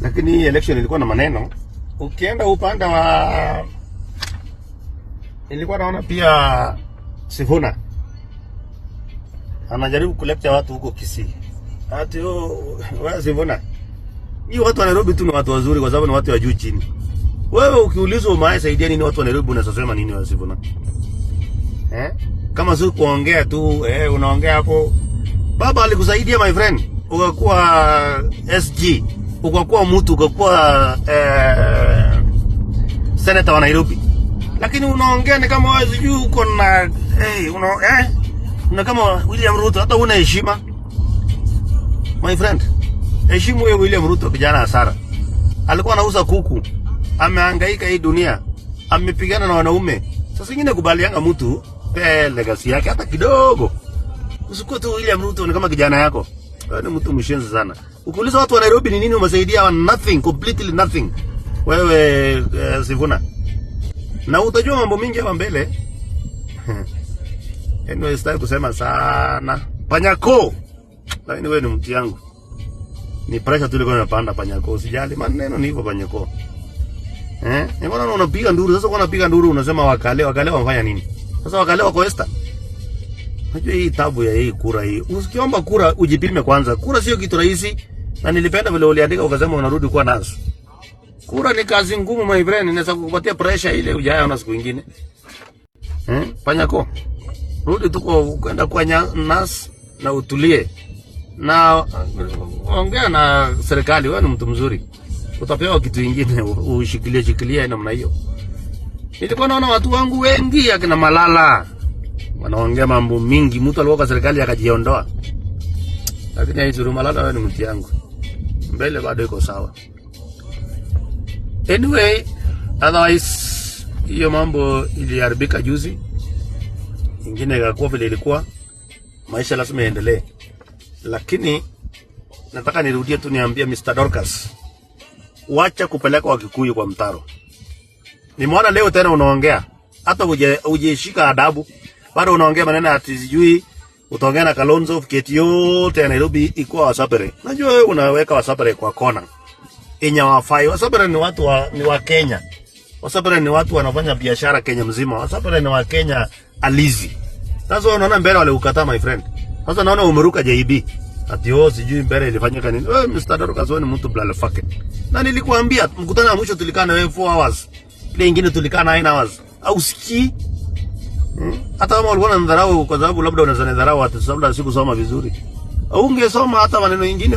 lakini hii election ilikuwa na maneno. Ukienda upande wa ilikuwa naona pia Sifuna anajaribu kulecture watu huko Kisii, ati oh, wewe Sifuna, hii watu wa Nairobi tu ni watu wazuri, kwa sababu ni watu wa juu chini. Wewe ukiulizwa umae saidia nini watu wa Nairobi, unasema nini wewe Sifuna eh? Kama si kuongea tu eh, unaongea hapo. Baba alikusaidia my friend, ukakuwa SG ukakuwa mtu ukakuwa eh, wa Nairobi, lakini unaongea ni kama wewe sijui uko na eh, una, eh, una kama William Ruto, hata una heshima my friend. Heshimu huyo William Ruto, kijana hasara. Alikuwa anauza kuku, amehangaika hii dunia, amepigana na wanaume. Sasa ingine kubalianga mtu pele eh, yake hata kidogo, usikuwa tu William Ruto ni kama kijana yako. Wewe ni mtu mshenzi sana. Ukiuliza watu wa Nairobi ni nini umesaidia wa nothing, completely nothing. Wewe eh, Sifuna. Na utajua mambo mingi hapa mbele. Anyway, sitaki kusema sana. Panyako. Lakini wewe ni mtu yangu. Ni pressure tu ile kwa panda Panyako. Usijali, maneno ni hivyo Panyako. Eh? Ni Mbona unapiga nduru? Sasa kwa unapiga nduru unasema wakale, wakale wamfanya nini? Sasa wakale wako Esther. Najua hii tabu ya hii kura hii. Usikiomba kura ujipime kwanza. Kura sio kitu rahisi na nilipenda vile uliandika ukasema unarudi kuwa nazo. Kura ni kazi ngumu my friend, inaweza kukupatia pressure ile ujaya na siku nyingine. Eh? Hmm? Fanya Panyako. Rudi tu kwenda kwa nas na utulie. Na ongea na serikali, wewe ni mtu mzuri. Utapewa kitu kingine ushikilie shikilie namna hiyo. Nilikuwa naona watu wangu wengi akina Malala wanaongea mambo mingi, mtu alikuwa kwa serikali akajiondoa. Lakini hii Zuru Malala wewe ni mtu yangu mbele, bado iko sawa. Anyway, otherwise hiyo mambo iliharibika juzi, ingine ikakuwa vile ilikuwa. Maisha lazima yaendelee, lakini nataka nirudie tu niambie Mr. Dorcas, wacha kupeleka Wakikuyu kwa mtaro. Nimeona leo tena unaongea hata uje, ujeshika adabu bado unaongea maneno atizijui utaongea na Kalonzo fiketi yote ya Nairobi iko Wasapere. Najua wewe unaweka Wasapere kwa kona yenye wafai. Wasapere ni watu wa, ni wa Kenya. Wasapere ni watu wanafanya biashara Kenya mzima. Wasapere ni wa Kenya alizi. Sasa unaona mbele wale ukataa my friend. Sasa naona umeruka JB. Ati oh, sijui mbele ilifanyika nini. Wewe Mr. Dorcas wewe ni mtu blala fake. Na nilikuambia mkutano wa mwisho tulikaa na wewe 4 hours. Ile nyingine tulikaa na 9 hours. Au sikii hata kama walikuwa wanadharau kwa sababu labda unaweza nidharau hata siku sikusoma vizuri, ungesoma hata maneno mengine.